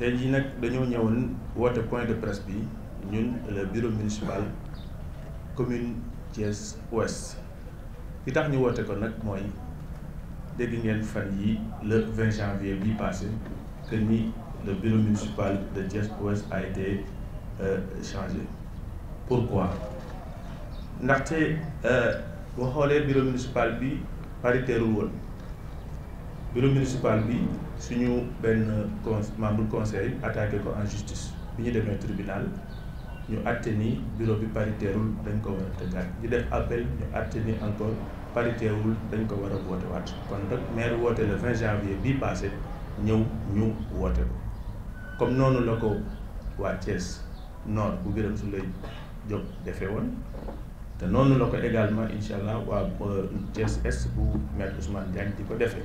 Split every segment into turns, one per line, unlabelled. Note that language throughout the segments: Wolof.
tey jii nag dañoo ñëwoon point de presse bi ñun le bureau municipal commune Thiès Ouest li tax ñu woote ko nag mooy dégg ngeen fan le 20 janvier bi passé que ni le bureau municipal de Thiès Ouest a été euh, changé pourquoi ndaxte euh, boo le bureau municipal bi paritaire woon bureau municipal bi suñu benn con membre conseil attaqué ko en justice bi ñu demee tribunal ñu àtte bureau bi paritaireul dañ ko war a tëggaat def appel ñu àtte encore paritaireul dañ ko war a woote waat kon nag maire woote le 20 janvier bi passé ñëw ñu woote comme noonu la ko waa Thiès Nord bu Birame Souleye Diop defee woon te noonu la ko également inshallah wa waa euh, Thiès Est bu maire Ousmane Diagne di ko defee.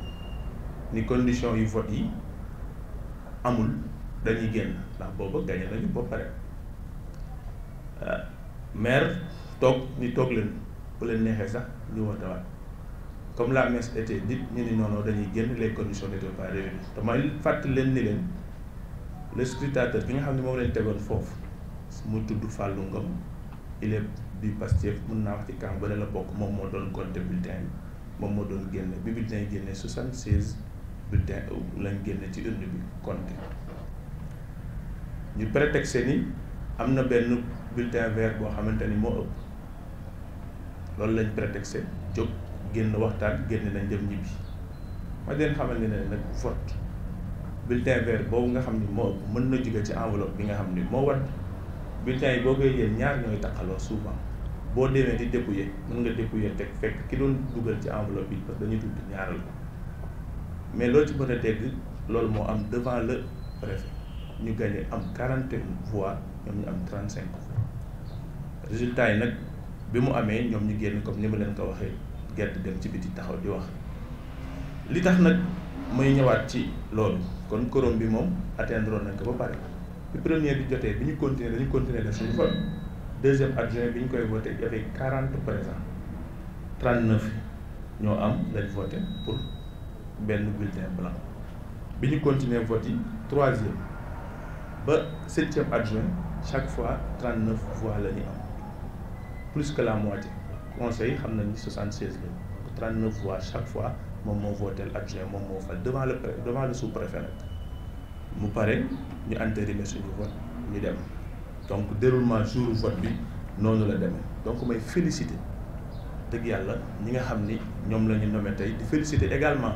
ni condition yu vote yi amul dañuy génn ndax booba gañe nañu ba pare euh, maire toog ni toog leen bu leen neexee sax ñu wootewaat comme la messe était dite ñu ni noonu dañuy génn les condition n'étaient pas réunies te may fàttali leen ni leen le scrutateur bi nga xam ne moom leen tegoon foofu su mu tudd Fallou Ngom il est du mun naa wax ci camp ba la bokk moom moo doon compté bulletin yi moom moo doon génne bi bulletin yi génne soixante-seize bulletin lañ génne ci urne bi compté ñu prétexte ni am na benn bulletin vert boo xamante ni moo ëpp loolu lañ prétexte jóg génn waxtaan génn nañ dem ñibbi ma leen xamal ne ne nag vote bulletin vert boobu nga xam ni moo ëpp mën na jóge ci enveloppe bi nga xam ni moo wan bulletin yi boo koy jël ñaar ñooy taqaloo souvent boo demee di dépouiller mën nga dépouiller teg fekk ki doon dugal ci enveloppe yi parce que dañuy tudd ñaaral ko mais loolu ci mën dégg loolu moo am devant le préfet ñu gagné am quarante voix ñoom ñu am 35 voix résultat yi nag bi mu amee ñoom ñu génn comme ni ma leen ko waxee gerte dem ci biti taxaw di wax li tax nag may ñëwaat ci loolu kon quorum bi moom atteindre nañ ko ba pare bi premier bi jotee bi ñu continuer dañu continuer def suñu vote deuxième adjoint bi ñu koy voté y avait quarante présents ñoo am lañ voter pour le bulletin blanc bi continuer vote troisième septième adjoint chaque fois 39 voix plus que la moitié conseil xam 76, 76 voix chaque fois mon vote voter adjoint mon mo fal devant le devant le sous-préfet mu paré ñu entériné suñu vote ñu dem donc déroulement jour vote bi nonu la démé donc may féliciter dëgg yàlla ñi nga xam ni nommé féliciter également.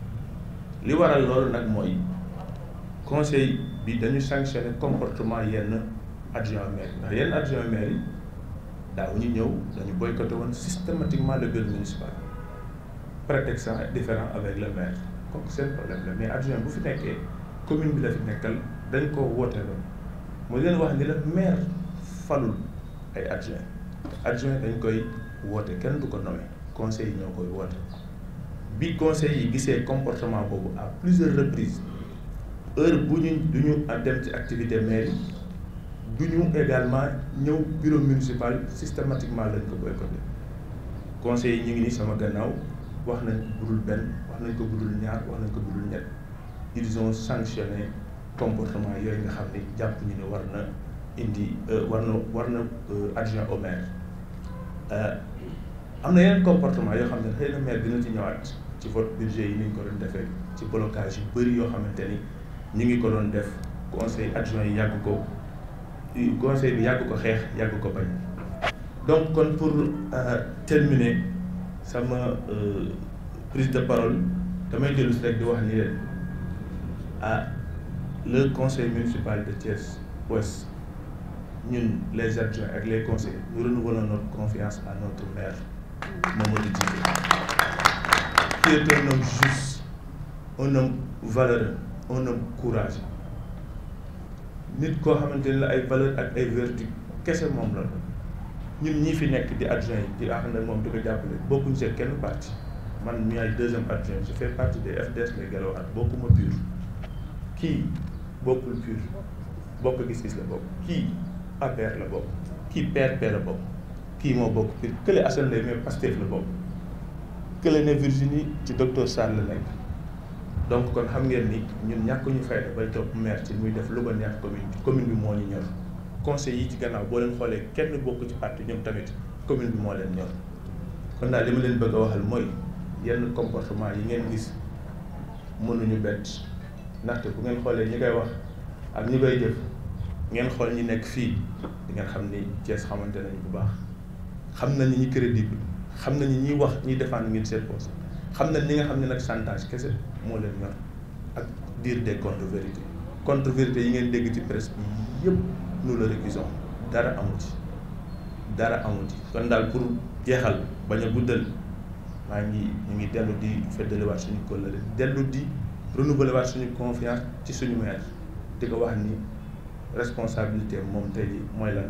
li waral loolu nag mooy conseil bi dañu sanctionné comportement yenn adjoint maire ndax yenn adjoint maire yi daaw ñu ñëw dañu boycotté woon systématiquement le bureau municipal prétextant différent avec le maire kooku seen problème la mais adjoint bu fi nekkee commune bi la fi nekkal dañ ko woote loon mu leen wax ni la maire falul ay adjoint adjoint dañ koy woote kenn du ko nommé conseil ñoo koy woote bi conseil yi gisee comportement boobu à plusieurs reprises heure bu ñu du dem ci activité mairie duñu également ñëw bureau municipal systématiquement lañ ko boycotté conseil yi ñu ngi ni sama gannaaw wax nañ ko budul benn wax nañ ko budul ñaar wax nañ ko budul ñett ils ont sanctionné comportement yooyu nga xam ne jàpp ñu ne war na indi euh, war na war na euh, adjoint au maire euh, am na yeneen comportement yoo xam ne xëy na maire dina ci ñëwaat ci vote budget yi ni ko doon defee ci blocage yu bëri yoo xamante ni ñu ngi ko doon def conseil adjoint yi yàgg ko conseil bi yàgg ko xeex yàgg ko bañ donc kon pour euh, terminer sama euh, prise de parole damay dellu si rek di wax ni leen ah le conseil municipal de Thiès Ouest ñun les adjoints ak les conseillers nous renouvelons notre confiance à notre maire Mamadou Djibril, qui est un homme juste, un homme valeureux, un homme courageux. nit koo xamante ne la ay valeur ak ay vertu kese moom la ñun ñii fi nekk di adjoint yi di ànd ak moom di ko jàppale bokkuñ see kenn parti man mi ay deuxième adjoint je fais partie des FDS les Guelwaar at de pur qui bokkul pur bokk gis-gis la bokk kii APR la bokk perd PRP la bokk kii moo bokk kii kële Assane lay mais Pastef la bokk kële ne Virginie ci docteur Sall la nekk donc kon xam ngeen ni ñun ñàkk ñu fayda bay topp maire ci muy def lu ba neex commune commune bi moo ñu ñor conseil yi ci gannaaw boo leen xoolee kenn bokk ci parti ñoom tamit commune bi moo leen ñor kon naa li ma leen bëgg a waxal mooy yenn comportement yi ngeen gis mënuñu bett ndaxte bu ngeen xoolee ñi koy wax ak ñi koy jëf ngeen xool ñi nekk fii di ngeen xam ni Thiès xamante nañu bu baax xam nañ ñi crédible xam nañ ñi wax ñi défendre ngir seen poste xam nañ ñi nga xam ne nag chantage kese moo leen ñor ak dire des contre vérités contre vérités yi ngeen dégg ci presque bi yëpp nous le récusons dara amu ci dara amu ci kon daal pour jeexal bañ bu guddal maa ngi ñu ngi dellu di feddaliwaat suñu kóllëre dellu di renouveler waat suñu confiance ci suñu maire di ko wax ni responsabilité moom tey ji mooy lan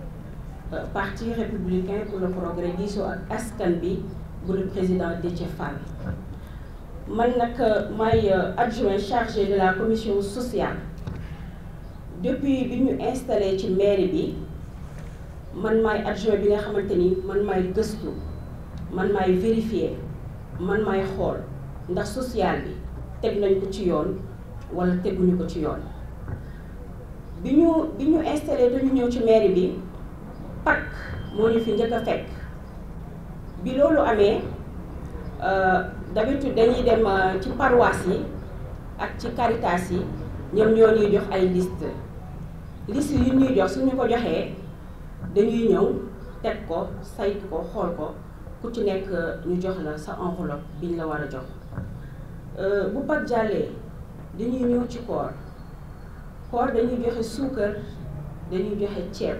Euh, parti républicain pour le progrès diisoo ak askan bi le président Déthié Fall man nag euh, euh, adjoint chargé de la commission sociale depuis bi ñu installé ci mairie bi man maay adjoint bi nga xamante man maay gëstu man maay vérifier man maay xool ndax social bi teg nañ ko ci yoon wala teguñu ko ci yoon biñu ñu ñu installé dañu ñëw ci mairie bi pakk moo ñu fi njëkk a fekk bi loolu amee euh, d'habitude dañuy dem euh, ci paroisse yi ak ci Caritas yi ñoom ñoo ñuy jox ay liste liste yi ñuy jox suñu ko joxee dañuy ñëw teg ko saytu ko xool ko ku ci nekk euh, ñu jox la sa enveloppe biñ la war a jox bu pat jàllee dañuy ñëw ci koor koor dañuy joxe suukar dañuy joxe ceeb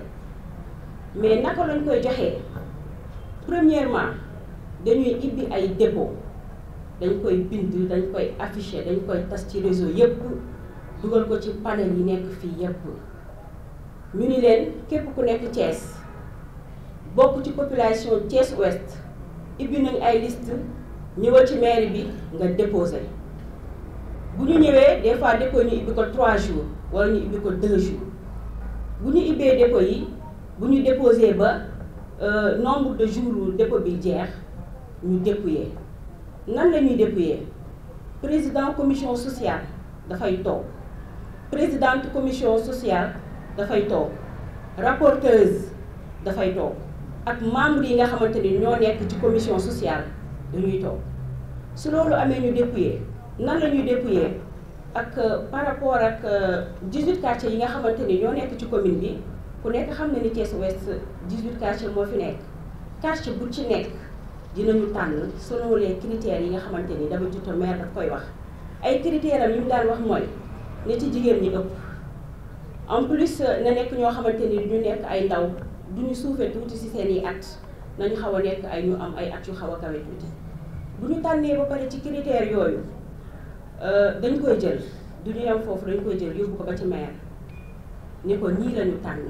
mais naka lañ koy joxee premièrement dañuy ibbi ay dépôt dañ koy bind dañ koy affiché dañ koy tas ci réseau yépp dugal ko ci panel yi nekk fii yépp ñu ni leen képp ku nekk Thiès bokk ci population Thiès Ouest ibbi nañ ay liste ñëwal ci mairie bi nga déposé bu ñu ñëwee des fois dépôt ñu ibbi ko 3 jours wala ñu ibbi ko 2 jours bu ñu ibbee dépôt yi nous nous déposé le euh, nombre de jours dépôt bi nous ñu nous nan la nous dépouiller président commission sociale dafay La présidente commission sociale de toog rapporteuse dafay toog ak membre yi nga xamante commission sociale de toog su loolu nous ñu dépouiller nan la nous euh, par rapport à 18 euh, quartiers yi nga xamante ni ñoo ci commune ku nekk xam na ni Thiès Ouest 18 quartiers moo fi nekk quartier bu ci nekk dinañu tànn selon les critères yi nga xamante ni dama jot a maire daf koy wax. ay critères am yu mu daan wax mooy ne ci jigéen ñi ëpp en plus na nekk ñoo xamante ni duñu nekk ay ndaw duñu suufee tuuti si seen yi at nañu xaw a nekk ay ñu am ay at yu xaw a kawe tuuti bu ñu tànnee ba pare ci critères yooyu euh, dañ koy jël duñu am foofu dañ koy jël yóbbu ko ba ci maire ni ko ñii lañu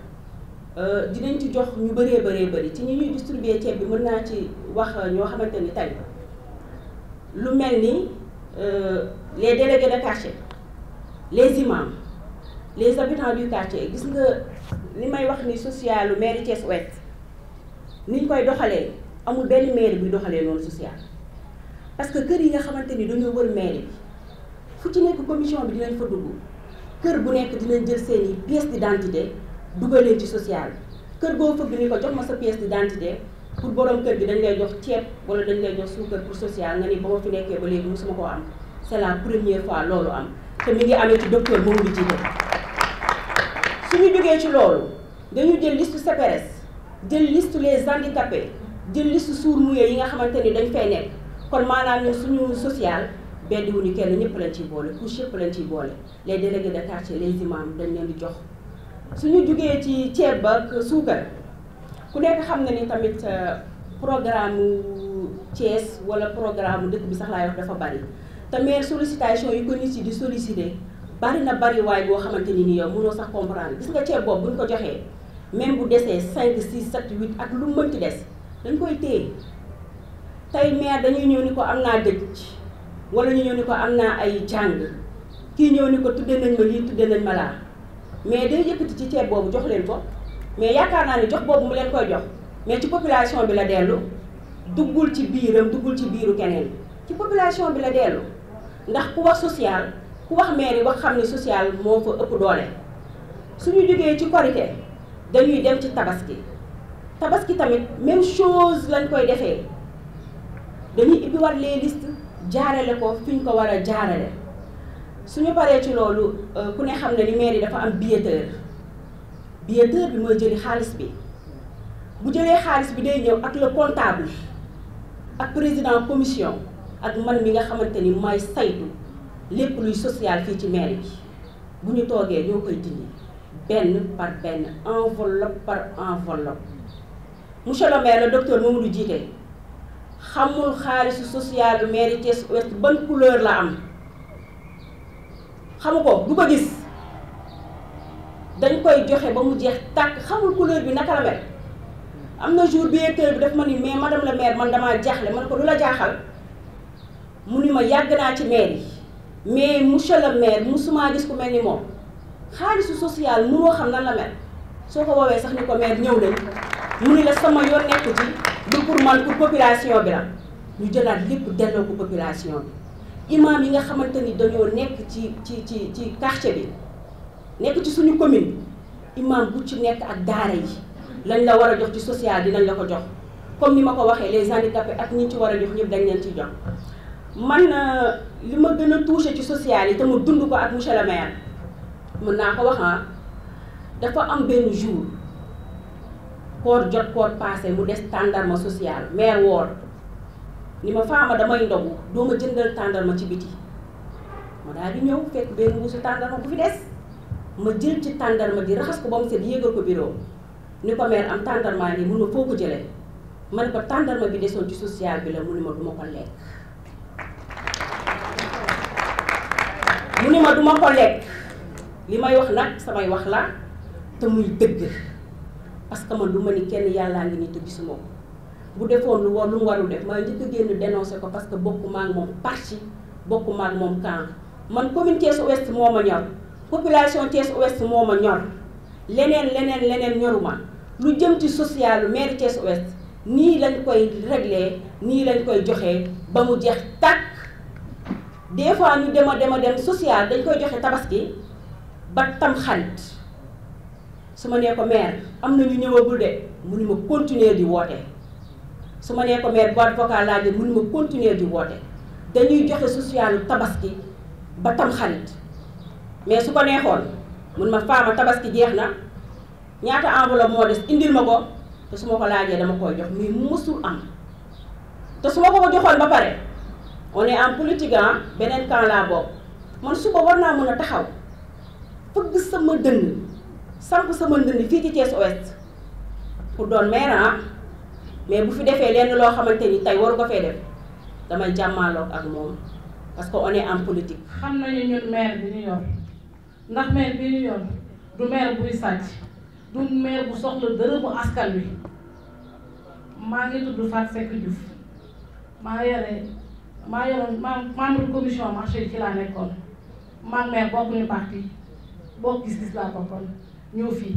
Euh, dinañ ci jox ñu bëree bëree bëri ci ñi ñuy distribuer ceeb bi mën naa ci wax ñoo xamante ni tey lu mel ni euh, les délégués de quartier les imams les habitants du quartier gis nga li may wax ni socialu mairie Thiès Ouest ni ñu koy doxalee amul benn mairie buy doxalee noonu social parce que kër yi nga xamante ni dañoo wër mairie bi fu ci nekk commission bi dinañ fa dugg kër bu nekk dinañ jël seen i pièce d'identité dugalee ci social kër go fëgg ni ko jox ma sa pièce d'identité pour borom kër bi dañ lay jox tiep wala dañ lay jox suukar pour social nga ni ba ma fi nekkee ba légui mosuma ko am c'est la première fois lolu am te mi ngi amee ci docteur ci Djité suñu jógee ci lolu dañu jël liste CPRS jël liste les handicapés jël liste sour muets yi nga xamante ni dañ fay nekk kon maanaam ñu suñu social beddiwuñu kenn ñëpp lañ ciy boole couche yëpp lañ ci boole les délégués de quartier les imams dañ leen di jox suñu jugee ci ceeb ba ak suukar ku nekk xam na ni tamit euh, programme Thiès wala programme dëkk bi sax laay wax dafa bari te maire sollicitation yi ko nit yi di sollicité bari na bari waay yoo xamante ni ni yow mënoo sax comprendre gis nga ceeb boobu buñ ko joxee même bu desee 5 6 7 8 ak lu mënti des dañ koy téye tey maire dañuy ñëw ni ko am naa dëkk wala ñu ñëw ni ko am naa ay jàng kii ñëw ni ko tudde nañ ma lii tudde nañ ma laa mais day yëkkati ci ceeb boobu jox leen ko mais yaakaar naa ne jox boobu mu leen koy jox mais ci population bi la dellu duggul ci biiram duggul ci biiru keneen ci population bi la dellu ndax ku wax social ku wax mairie wax xam ne social moo fa ëpp doole suñu jógee ci korite dañuy dem ci tabaski tabaski tamit même chose lañ koy defee dañuy ibbi war les listes jaarale ko fi ko war a jaarale suñu paree ci loolu euh, ku ne xam ne ni maire yi dafa am billetteur billetteur bi mooy jëli xaalis bi bu jëlee xaalis bi day ñëw ak le comptable ak président commission ak man mi nga xamante ni may saytu lépp luy social fii ci maire bi bu ñu toogee ñoo koy dindi benn par benn enveloppe par enveloppe monsieur le la le docteur Mamadou Djité xamul xaalisu social maire Thiès Ouest ban couleur la am xamu ko du ko gis dañ koy joxe ba mu jeex tàkk xamul couleur bi naka la mel am na jour directeur bi daf ma ni mais madame man damaa jaaxle ma ne ko la jaaxal mu ni ma yàgg naa ci maire yi mais monsieur le maire musuma gis ku mel ni moom xaalisu social mënoo xam nan la mel soo ko woowee sax ni ko maire ñëw nañ mu ni la sama yoon nekk ci du pour man pour population bi la ñu jëlaat lépp delloo ko population bi imam yi nga xamanteni ni dañoo nekk ci ci ci ci quartier bi nekk ci suñu commune imam bu ci nekk ak daara yi lañ la war a jox ci social dinañ la ko jox comme ni ma ko waxee les handicapés ak ñi ci war a jox ñëpp dañ leen ci jox man euh, li ma gën a touché ci social yi te mu dund ko ak monsieur le maire mën naa ko wax ah dafa am benn jour koor jot koor passé mu des tàndarma social maire woor ni ma faama damay ndogu doo ma jëndal tàndarma ci biti ma daal di ñëw fekk benn mbuusu tàndarma bu fi des ma jël ci tàndarma ji raxas ko ba mu set yéegal ko bureau ni ko meer am tàndarmaa ngi mun ma foo ko jëlee man ko tàndarma bi desoon ci social bi la mu ne ma du ko lekk mu ne ma du ko lekk li may wax nag samay wax la
te muy dëgg
parce que man du ma ni kenn yàllaa ngi ni te gisuma ko bu defoon lu war lu mu warul def ma njëkk a génn dénoncé ko parce que bokkuma ak moom parti bokkuma ak moom camp man commune Thiès Ouest moo ma ñor population Thiès Ouest moo ma ñor leneen leneen leneen ñoruma lu jëm ci social maire Thiès Ouest nii lañ koy réglé nii lañ koy joxe ba mu jeex tàkk des fois ñu dema dema dem social dañ koy joxe tabaski ba tam xarit su ma nee ko maire am na ñu ñëwagul de mu ni ma continuer di woote. su ma nee ko maire boîte vocale laa jël mënuma continuer di woote dañuy joxe socialu tabaski ba tam xarit mais su ko neexoon mun ma faama tabaski jeex na ñaata enveloppe moo des indil ma ko te su ma ko laajee dama koy jox muy mësul am te su ma ko ko joxoon ba pare on est en politique ah, beneen camp laa bokk man ko war naa mën a taxaw fëgg sama dënn samp sama dënn fii ci Thiès Ouest pour doon maire ah. mais bu fi defee lenn loo xamante ni tey waru ko fee def damay jàmmaaloog ak moom parce que on est en politique.
xam nañu ñun maire bi ñu yor ndax maire bi ñu yor du maire buy sàcc du maire bu soxla dërëbu askan wi maa ngi tudd Fatou Seck Diouf maa yore maa yoroon maa membre commission marché ci laa nekkoon maa maire bokkuñu parti bokk gis-gis laa bokkoon ñëw fii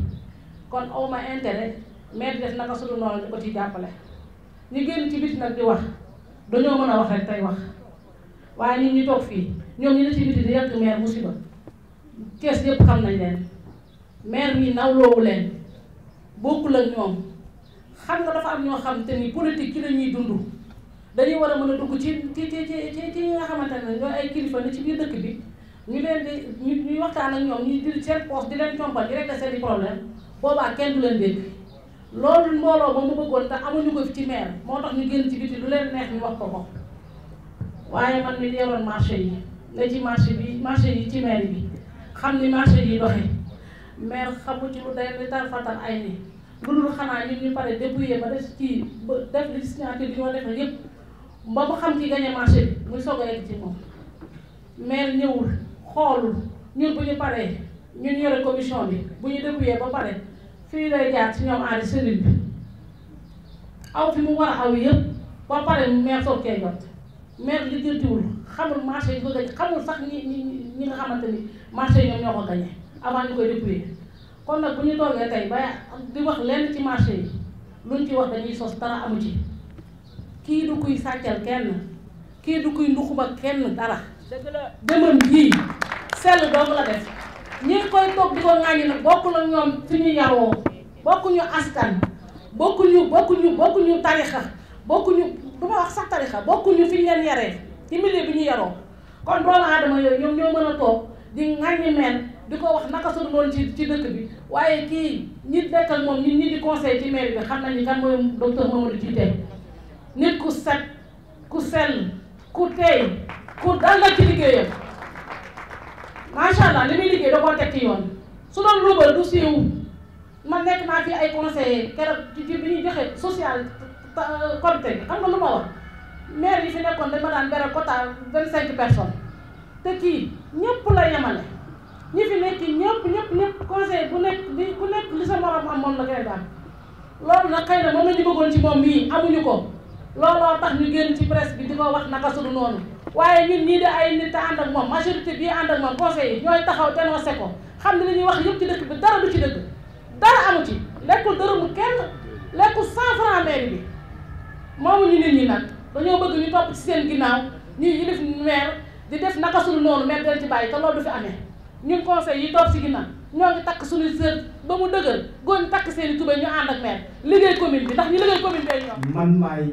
kon aw ma mais di def naka su dul noonu di ko ci jàppale ñu génn ci biti nag di wax dañoo mën a wax rek tey wax waaye nit ñi toog fii ñoom ñu ne ci biti di yàgg maire musiba kees yëpp xam nañ leen maire mi nawloowu leen bokkul ak ñoom xam nga dafa am ñoo xam te ni politique ki la ñuy dund dañuy war a mën a dugg ci ci ci ci ci nga xamante ne ñooy ay kilifa ni ci biir dëkk bi ñu leen di ñu ñuy waxtaan ak ñoom ñu di seen poste di leen compal di rek i problème boobaa kenn du leen dégg loolu mbooloo ba mu bëggoon te amuñu ko fi ci maire moo tax ñu génn ci biti lu leen neex ñu wax ko ko waaye man mi yoroon marché yi ne ci marché bi marché yi ci maire bi xam ni marché yi doxe maire xamu ci lu day li tar fatal ay ni lu dul xanaa ñun ñu pare dépouillé ba def ci ba def li signature bi ñoo defee yépp ba mu xam ci gagné marché bi muy soog a yegg ci moom maire ñëwul xoolul bu ñu paree ñun yore commission bi bu ñu dépouillé ba pare fii lay jaar ci ñoom aadi cellule bi aw fi mu war aw yëpp ba pare meer soog koy jot meer li jëntiwul xamul marché yi ko gañ xamul sax ñi ñi nga xamante ni marché yi ñoom ñoo ko gañee avant ñu koy dépouiller kon nag bu ñu toogee tey ba di wax lenn ci marché yi luñ ci wax dañuy sos dara amu ci kii du kuy sàccal kenn kii du kuy nduxuma kenn dara dëgg sell doomu la def ñi koy toog di ko ŋàññi nag bokk la ñoom fi ñu yaroo bokkuñu askan bokkuñu bokkuñu bokkuñu tarixa bokkuñu du ma wax sax tarixa bokkuñu fi ñu leen yaree ci milieu bi ñu yaroo kon doomu aadama yooyu ñoom ñoo mën a toog di ŋàññi meen di ko wax naka sa loolu ci ci dëkk bi waaye kii ñi nekkal moom ñi ñi di conseil ci maire bi xam nañ kan mooy docteur Mamadou Djité nit ku set ku sell ku teey ku dal la ci liggéeyam macha allah li muy liggéey da koo teg ci yoon su doon luubal du siiw man nekk naa fi ay conseiller keroog ci bi ñuy joxe social comité xam nga lu ma wax maire yi fi nekkoon dañ ma daan bere quota vingt cinq te kii ñëpp la yemale ñi fi nekk ñëpp ñëpp ñëpp conseil bu nekk li ku nekk moon sa morom am moom la koy daal loolu nag xëy na moom la ñu bëggoon ci moom mii amuñu ko looloo tax ñu génn ci presse bi di ko wax naka sudu noonu waaye ñun ñii de ay nit te ànd ak moom majorité bii ànd ak moom conseil yi ñooy taxaw dénoncé ko xam ne li ñuy wax yëpp ci dëkk bi dara du ci dëgg dara amu ci lekkul dërëmu kenn lekkul cent franc mairie bi moomu ñu nit ñi nag dañoo bëgg ñu topp ci seen ginnaaw ñuy yilif maire di def naka suñu noonu maire dañ ci bàyyi te loolu du fi amee ñun conseil yi topp ci ginnaaw ñoo ngi takk suñu sër ba mu dëgër góor ñu takk seen i tubéy ñu ànd ak maire liggéey commune bi ndax ñu liggéey commune bi ñoom.
man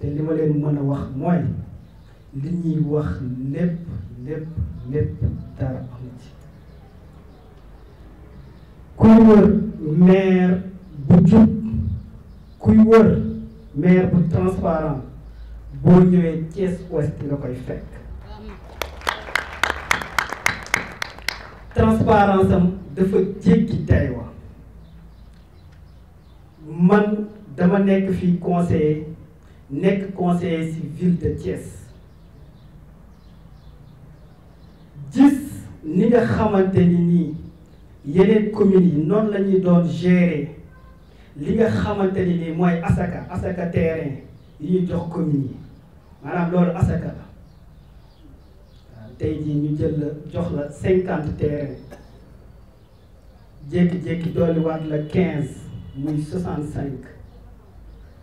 te li ma leen mën a wax mooy li ñuy wax lépp lépp lépp dara amu ci kuy wër maire bu jub kuy wër maire bu transparent boo ñëwee Thiès Ouest nga koy fekk transparence am dafa jéggi tey wa man dama nekk fii conseiller nek conseiller civil de Thiès dix ni nga xamanteni ni yeneen gérer li nga xamanteni ni asaka asaka terrain yi jox communes yi maanaam asaka la a tey jii ñu jël la jox la cinquante terrain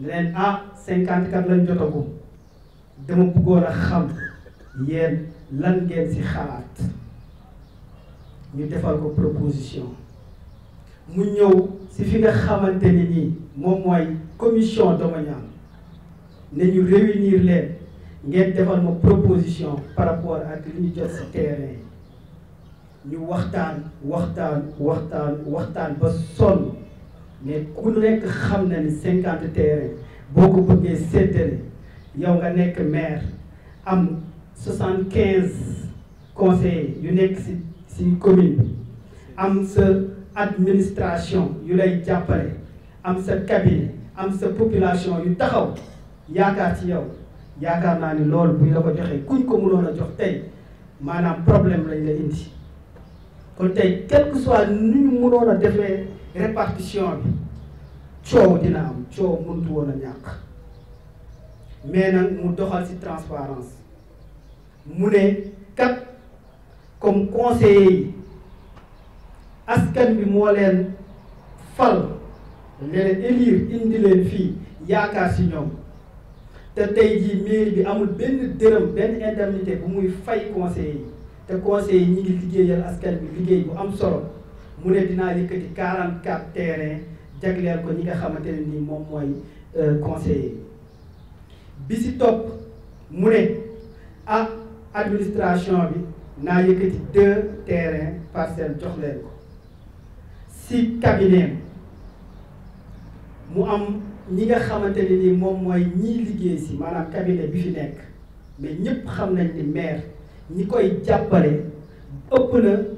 leen A ah, 54 lañ jotagum dama bëggoon a xam yéen lan ngeen ci xalaat ñu defal ko proposition mu ñëw ci fi nga xamante ni nii moom mooy commission ñaan ne ñu réunir leen ngeen defal ma proposition par rapport ak li ñu jot ci terrain ñu waxtaan waxtaan waxtaan waxtaan ba sonn mais ku rek xam ni 50 terrain yow nga am 75 conseillers yu ci commune am sa administration yu lay am sa cabinet am sa population yu taxaw yaakaar ci yow yaakaar naa ni loolu buñ la ko kuñ ko a problème lañ quel soit a répartition bi coow dina am coow muntu woon ñak mais nak mu doxal ci transparence mu ne kat comme conseiller askan bi mo leen fal leen élire indi leen fi yaakaar ci ñom te tay ji mairie bi amul benn dërëm benn indemnité bu muy fay conseiller yi te conseiller ñi ngi liggéeyal askan bi liggéey bu am solo mu ne dinaa yëkkati 44 terrain jagleel ko ñi nga xamante ne nii moom mooy euh, conseiller bi si topp mu ne ah administration bi naa yëkkati deux terrain parcelle jox leen ko si cabinet mu am ñi nga xamante ne ni moom mooy ñii liggéey si maanaam cabinet bi fi nekk mais ñëpp xam nañ ni maire ñi koy jàppale ëpp na.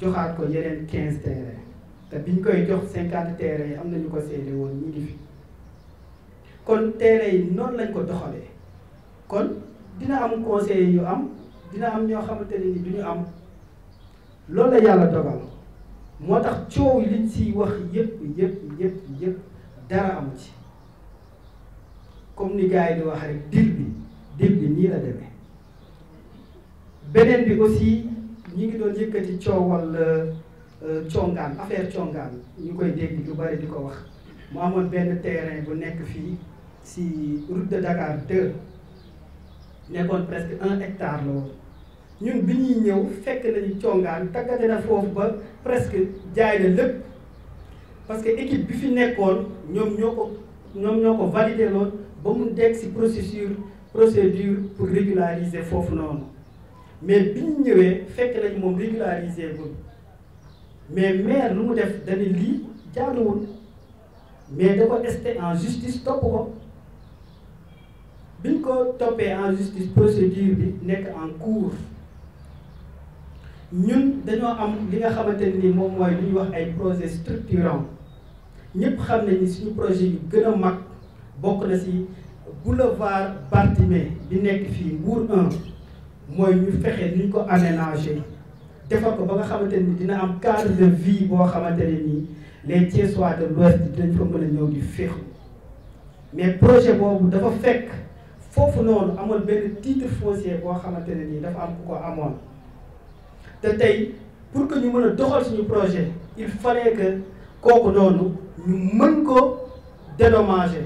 joxaat ko yeneen quinze terrain te biñ koy jox cinquante terrain yi am nañu ko seede woon ñi ngi kon terrain yi noonu lañ ko doxalee kon dina am conseil yu am dina am ñoo xamante ne ni du am lool la yàlla dogal moo tax coow liñ siy wax yëpp yëpp yëpp yëpp dara am ci comme ni gars yi wax rek dil bi dil bi nii la demee beneen bi aussi ñi ngi doon yëkkati coowal euh, euh, congaan affaire congaan ñu koy dégg lu bari di ko wax mu amoon benn terrain bu nekk fii si route de Dakar 2 nekkoon presque un hectare la woon ñun bi ñuy ñëw fekk nañu congaan tàggate na foofu ba presque jaay na lépp parce que équipe bi fi nekkoon ñoom ñoo ko ñoom ñoo ko validé loon ba mu dégg si procédure procédure pour régulariser foofu noonu mais bi ñu ñëwee fekk nañ moom régulariser gul mais maire lu mu def dañu lii jaaduwul mais da ko en justice top ko biñ ko toppee en justice procédure bi nekk en cours ñun dañoo am li nga xamanteni ni moom mooy lu ñuy wax ay projet structurant ñëpp xam nañ ni suñu projet yu gën a mag bokk na ci boulevard Bartimé bi nekk fii Nguur 1 mooy ñu fexe niñ ko aménager defar ko ba nga xamante ni dina am cadre de vie boo xamante ne nii les Thiessois de l'Ouest dañ fa mën a ñëw di féexlu mais projet boobu dafa fekk foofu noonu amoon benn titre foncier boo xamante ne nii dafa am ku ko amoon te tey pour que ñu mën a doxal suñu projet il fallait que kooku noonu ñu mën ko dédommager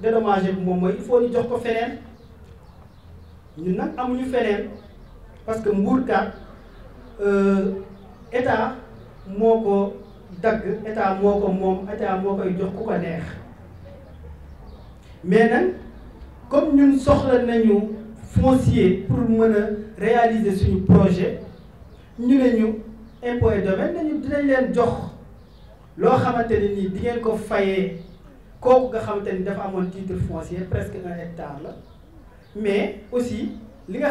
dédommager bi moom mooy il faut ñu jox ko feneen ñun nag amuñu feneen. parce que mbuurkat euh, état état moko mom jox mais comme nous soxla nañu foncier pour réaliser suñu projet ñu nous impôt domaine nañu dinañ leen jox lo di ngeen ko titre foncier presque un mais aussi li nga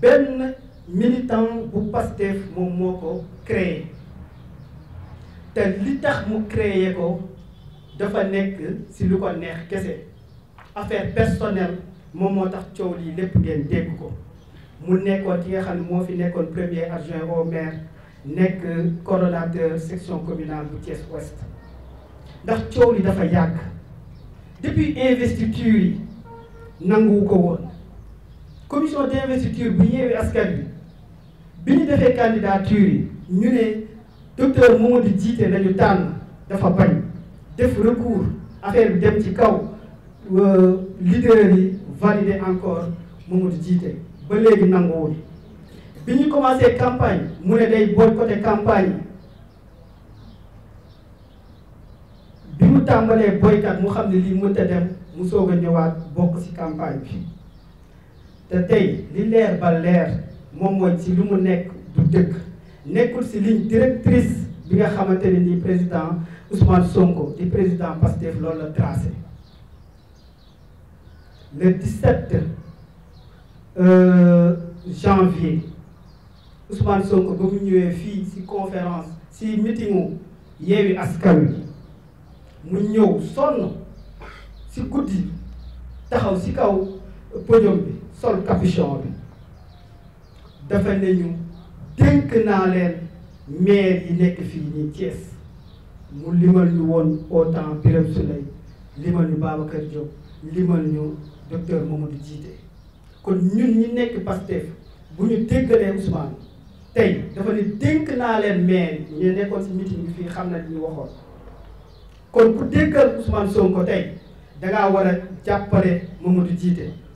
ben militant bu Pastef mom moko créé mu créé ko dafa lu ko affaire personnelle mom dégg ko mu premier adjoint au maire nekk coordonnateur section communale bu Thiès Ouest ndax depuis investiture yi commission d'investiture bu yeewee askan bi ñu defee candidature yi ñu ne docteur Mamadou Djité la tànn dafa bañ def recours affaire bi dem ci kaw euh, leader yi valider encore Mamadou Djité ba léegi nanguwul bi commencé campagne mu ne day la campagne bi mu tàmbalee boycott mu xam ne lii mënta dem mu ñëwaat campagne te tey li leer moitié, leer moom mooy ci lu mu nekk du dëkk nekkul ci ligne directrice bi nga xamante ne ni président Ousmane Sonko le président Pasteur loolu tracé le 17 euh, janvier Ousmane Sonko ba mu ñëwee ci conférence ci meetingu Yewwi Askan Wi mu ñëw son, ci guddi taxaw ci kaw podium bi sol capuchon bi dafa ne ñu dénk naa leen maire yi nekk fii nii Thiès mu limal ñu woon au temps Birame Souleye limal ñu Babacar Diop limal ñu docteur Mamadou Djité kon ñun ñi nekk Pastef bu ñu déggalee Ousmane tey dafa ne dénk naa leen maire yi ñu nekkoon si meeting bi fii xam na li ñu waxoon kon ku déggal Ousmane Sonko tey dangaa war a jàppale Mamadou Djité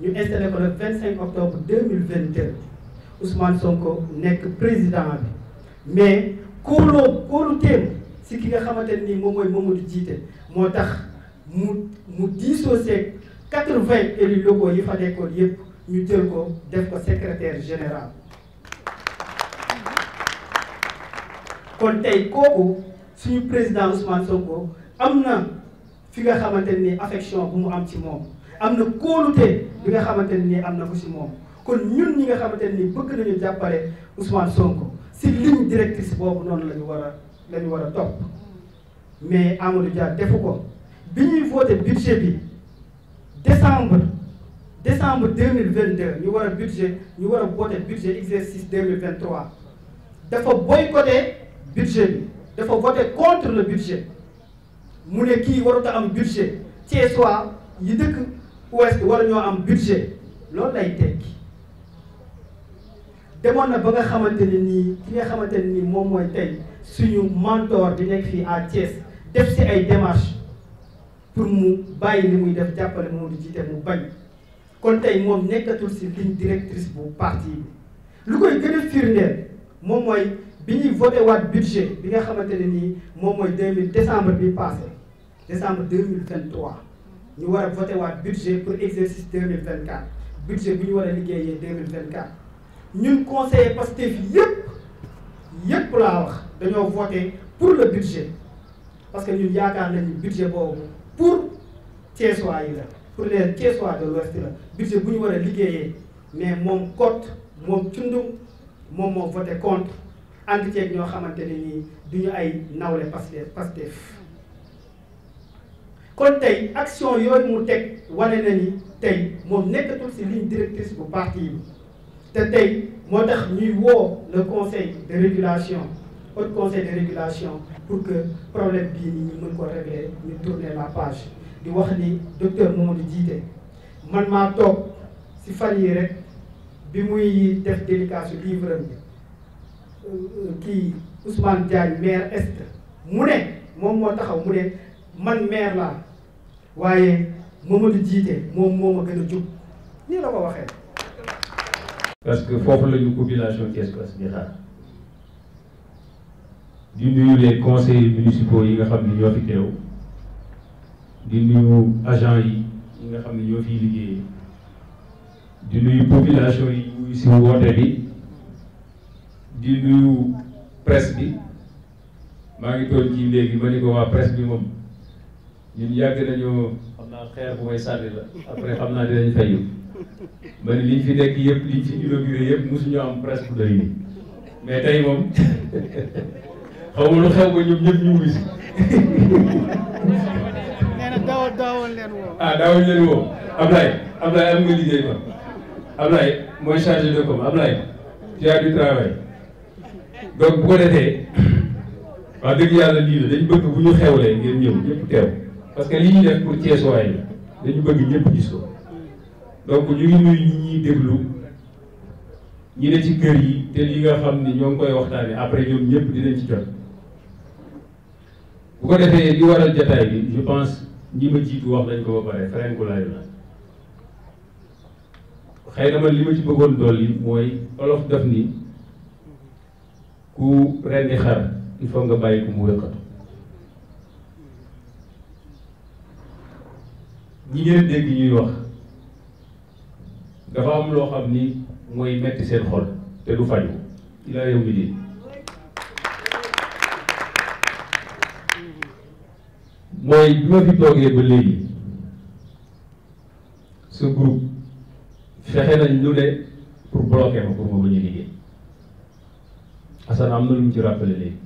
ñu installé ko le 25 octobre 2022 Ousmane Sonko nek président bi mais kóoloo kóolu téem si ki nga xamanteni ne nii moom mooy Mamadou Djité motax mu 80 élus locaux yi fa été yépp ñu jël ko def ko secrétaire général kon tey kooku suñu président Ousmane Sonko am na fi nga xamanteni affection bu mu am ci am na kóolutee bi nga xamante ne nii am na ko si moom kon ñun ñi nga xamante ne nii bëgg nañu jàppale Ousmane Sonko si ligne directrice boobu noonu la ñu war a la war a topp mais Amadou Dia defu ko bi ñuy voté budget bi décembre décembre deux mille vingt deux ñu war a budget ñu war a voté budget exercice deux mille vingt trois dafa boycotté budget bi dafa voté contre le budget mu ne kii warut am budget Thiessois yi dëkk. ouest war ñoo am budget loolu lay tekki demoon na ba nga xamante ne nii ki nga xamante ne nii moom mooy tey suñu mentor di nekk fii à Thiès def si ay démarches pour mu bàyyi li muy def jàppale moom di jiite mu bañ kon tey moom nekkatul si ligne directrice bu parti bi lu koy gën a firndeel moom mooy bi ñuy voté waat budget bi nga xamante ne nii moom mooy deux mille décembre bi passé décembre deux mille vingt nous avons voté le budget pour l'exercice 2024. Le budget que nous avons voté en 2024. Nous conseillons les postifs, pour de nous voter pour le budget. Parce que nous avons un budget pour les pour les tiers de l'Ouest. Le budget que nous avons voté, mais mon cote, mon tchundum, mon voté contre. voté contre. Nous avons voté Nous avons voté contre. Nous avons voté contre kon tey action yooyu mu teg wane na ni tey moom nekkatul ci ligne directrice du parti bi te tey moo tax ñuy woo le conseil de régulation haut conseil de régulation pour que problème bii ni ñu mën ko régler ñu tourner la page di wax ni docteur Mamadou Djité man maa toog ci fan yi rek bi muy def dédicace livre bi euh, kii Ousmane Diagne maire est mu ne moom moo mu ne man maire laa waaye Mamadou jiite moom moo ma gën a jub nii la ko waxee.
parce que foofu la ñu population Thiès Ouest di xaar di nuyu les conseils municipaux yi nga xam ne ñoo fi teew di nuyu agent yi yi nga xam ne ñoo fiy liggéeyee di nuyu population yi ñu si woote bi di nuyu presse bi maa ngi toog ci léegi ma ni ko waa presse bi moom. ñun yàgg nañu xam naa xeer bu may sànni la après xam naa dinañ fayu ma ne liñ fi nekk yëpp liñ fi inauguré yëpp mosuñu am presque doy ni mais tey moom xaw ma lu xew ba ñoom ñëpp ñu wuyu si. nee na daaw daawoon leen woo. ah daawoon leen woo Ablaye Ablaye am nga liggéey fa Ablaye mooy chargé de com Ablaye tu as du travail donc bu ko defee wax dëgg yàlla lii la dañ bëgg bu ñu xewlee ngeen ñëw ñëpp teew. parce que li dañu bëgg ñëpp gis ko donc ñu ngi nuyu kër yi te li nga xam ni ñoo ngi koy waxtaanee après ñoom ñëpp dinañ ci jot bu ko defee li waral jataay bi je pense ñi ma jiitu wax nañ ko ba pare feneen ko laay la xëy na man li ma ci bëggoon dolli mooy olof daf ni ku rendi xar il faut nga bàyyi ko mu wëkkatu ñi ngeen dégg ñuy wax dafa am loo xam ni mooy metti seen xol te du faju mooy bi ma fi toogee ba léegi ce groupe fexe nañ lu ne pour bloquer ma pour ma bañ a liggéey Assane am na lu ñu ci rappelé léegi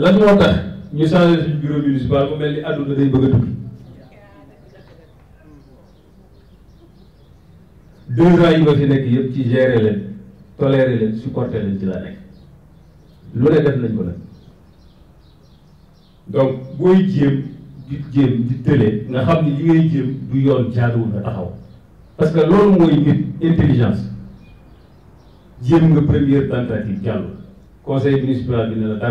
La moo nous ñu bureau municipal mu bëgg deux ans yi ci tolérer supporter leen ci donc booy jéem di jéem di télé, nga xam li ngay parce que loolu mooy nit intelligence jéem nga première tentative conseil municipal bi la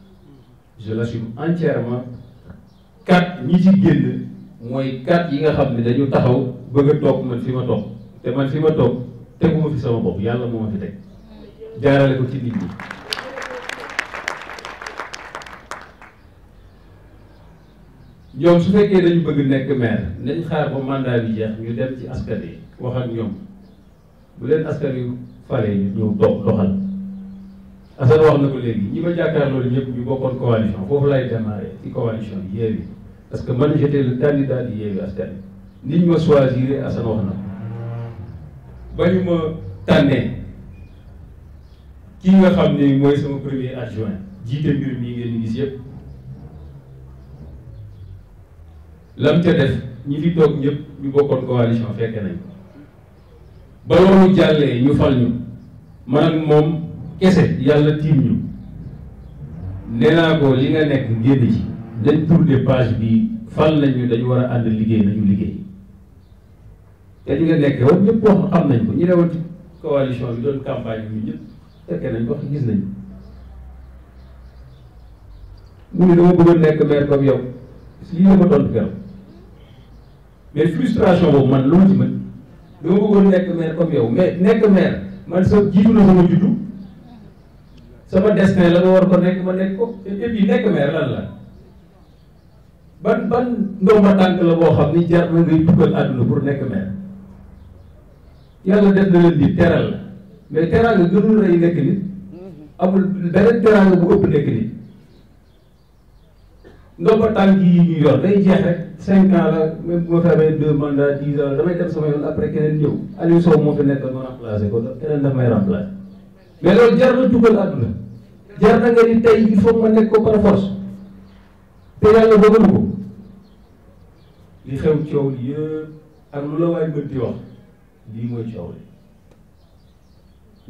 je l'assume entièrement quatre ñi ci génn mooy kat yi nga xam ne dañu taxaw bëgg a toog man fi ma toog te man fi ma toog teguma fi sama bopp yàlla moo ma fi teg jaarale ko ci nit ñi ñoom su fekkee dañu bëgg nekk maire nañ xaar ba mandat bi jeex ñu dem ci askan yi wax ak ñoom bu leen askan yu falee ñu ñëw doxal Assane wax na ko léegi ñi ma jàkkaarloo loolu ñëpp ñu bokkoon coalition foofu laay démarrer ci coalition bi Yewwi parce que man j'étais le candidat di Yewwi Askan niñ ma choisiré Assane wax na ba ñu ma tànnee kii nga xam ne mooy sama premier adjoint jiite mbir mi ngeen gis yëpp lam ca def ñi fi toog ñëpp ñu bokkoon coalition fekk nañ ba loolu jàllee ñu fal ñu man ak moom kese yàlla tiim ñu nee naa ko li nga nekk génn ci dañ tourner page bi fal nañu dañu war a ànd liggéey nañu liggéey te ñu nga nekk woon ñëpp wax xam nañ ko ñu ne woon ci coalition bi doon campagne bi ñëpp fekkee nañ wax gis nañ mu ne dama bëggoon nekk maire comme yow lii la ma tontu keroog mais frustration boobu man lu ci mën dama bëggoon nekk maire comme yow mais nekk maire man sa jiitu na sama juddu sama destin la nga war ko nekk ma nekk ko et nekk maire lan la ban ban ndomba tànk la boo xam ni jar na ngay dugal àdduna pour nekk maire yàlla def na leen di teral la mais teraanga gënul rëy nekk nit amul beneen teraanga bu ëpp nekk nit ndomba tànk yi ñu yor day jeex rek cinq ans la même bu ma fi amee deux mandats dix ans damay dem sama yoon après keneen ñëw Aliou Sow moo fi nekk ma remplacé ko keneen daf may remplacé mais loolu jar na dugal àdduna jar na nga ni tey il nekk ko par te yàlla bëggalu ko li xew coow li yëpp ak lu la waay mën di wax lii mooy coow li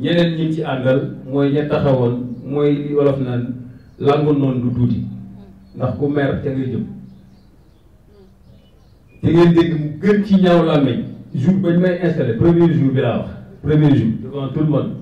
ñeneen ñi ci àndal mooy ña taxawoon mooy li wolof naan langu noonu du tuuti ndax ku mer te nga jëm te ngeen dégg mu gën ci ñaaw làmmiñ jour bañ may installé premier jour bi laa wax premier jour tout le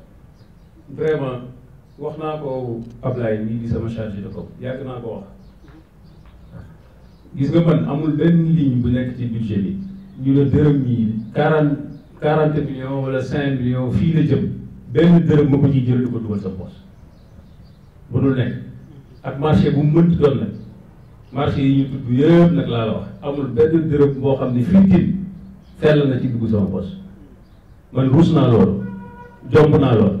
vraiment wax naa ko Ablaye nii di sama chargé de com yàgg naa ko wax gis nga man amul benn ligne bu nekk ci budget bi ñu la dërëm ñii quarante quarante millions wala cinq millions fii la jëm benn dërëm ma ko ciy jël di ko dugal sa poche bu dul nekk ak marché bu mënti doon nag marché yi ñu tudd yëpp nag laa la wax amul benn dërëm boo xam ne fii fell na ci dugg sama poche man ruus naa loolu jomb naa loolu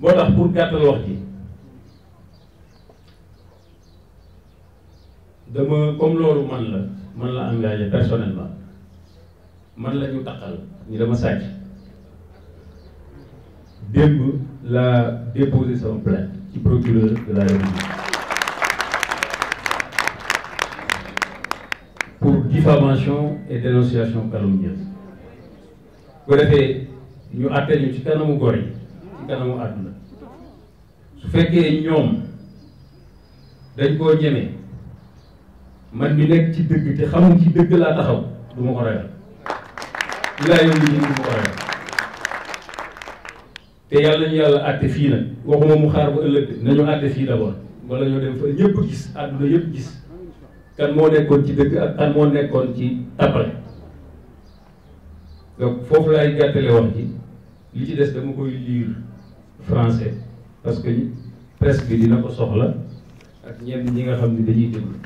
moo tax pour gàttal wax ji dama comme loolu man la man la engagé personnellement man la ñu taqal ñu dama sàcc démb la déposé son plainte ci procureur de la République pour diffamation et dénonciation calomnieuse bu ko defee ñu àtte ñu ci kanamu gor yi kanamu àdduna su fekkee ñoom dañ koo ñeme man mi nekk ci dëgg te xamul ci dëgg laa taxaw du ma ko ragal ilaa yow li du ma ko ragal te yàlla ñu yàlla àtte fii nag waxuma mu xaar ba ëllëg nañu àtte fii d'abord wala ñoo dem fa ñëpp gis àdduna yëpp gis kan moo nekkoon ci dëgg ak kan moo nekkoon ci tappale donc foofu laay gàttale wax ji li ci des dama koy liir français parce que presse bi dina ko soxla ak ñenn ñi nga xam ne dañuy déglu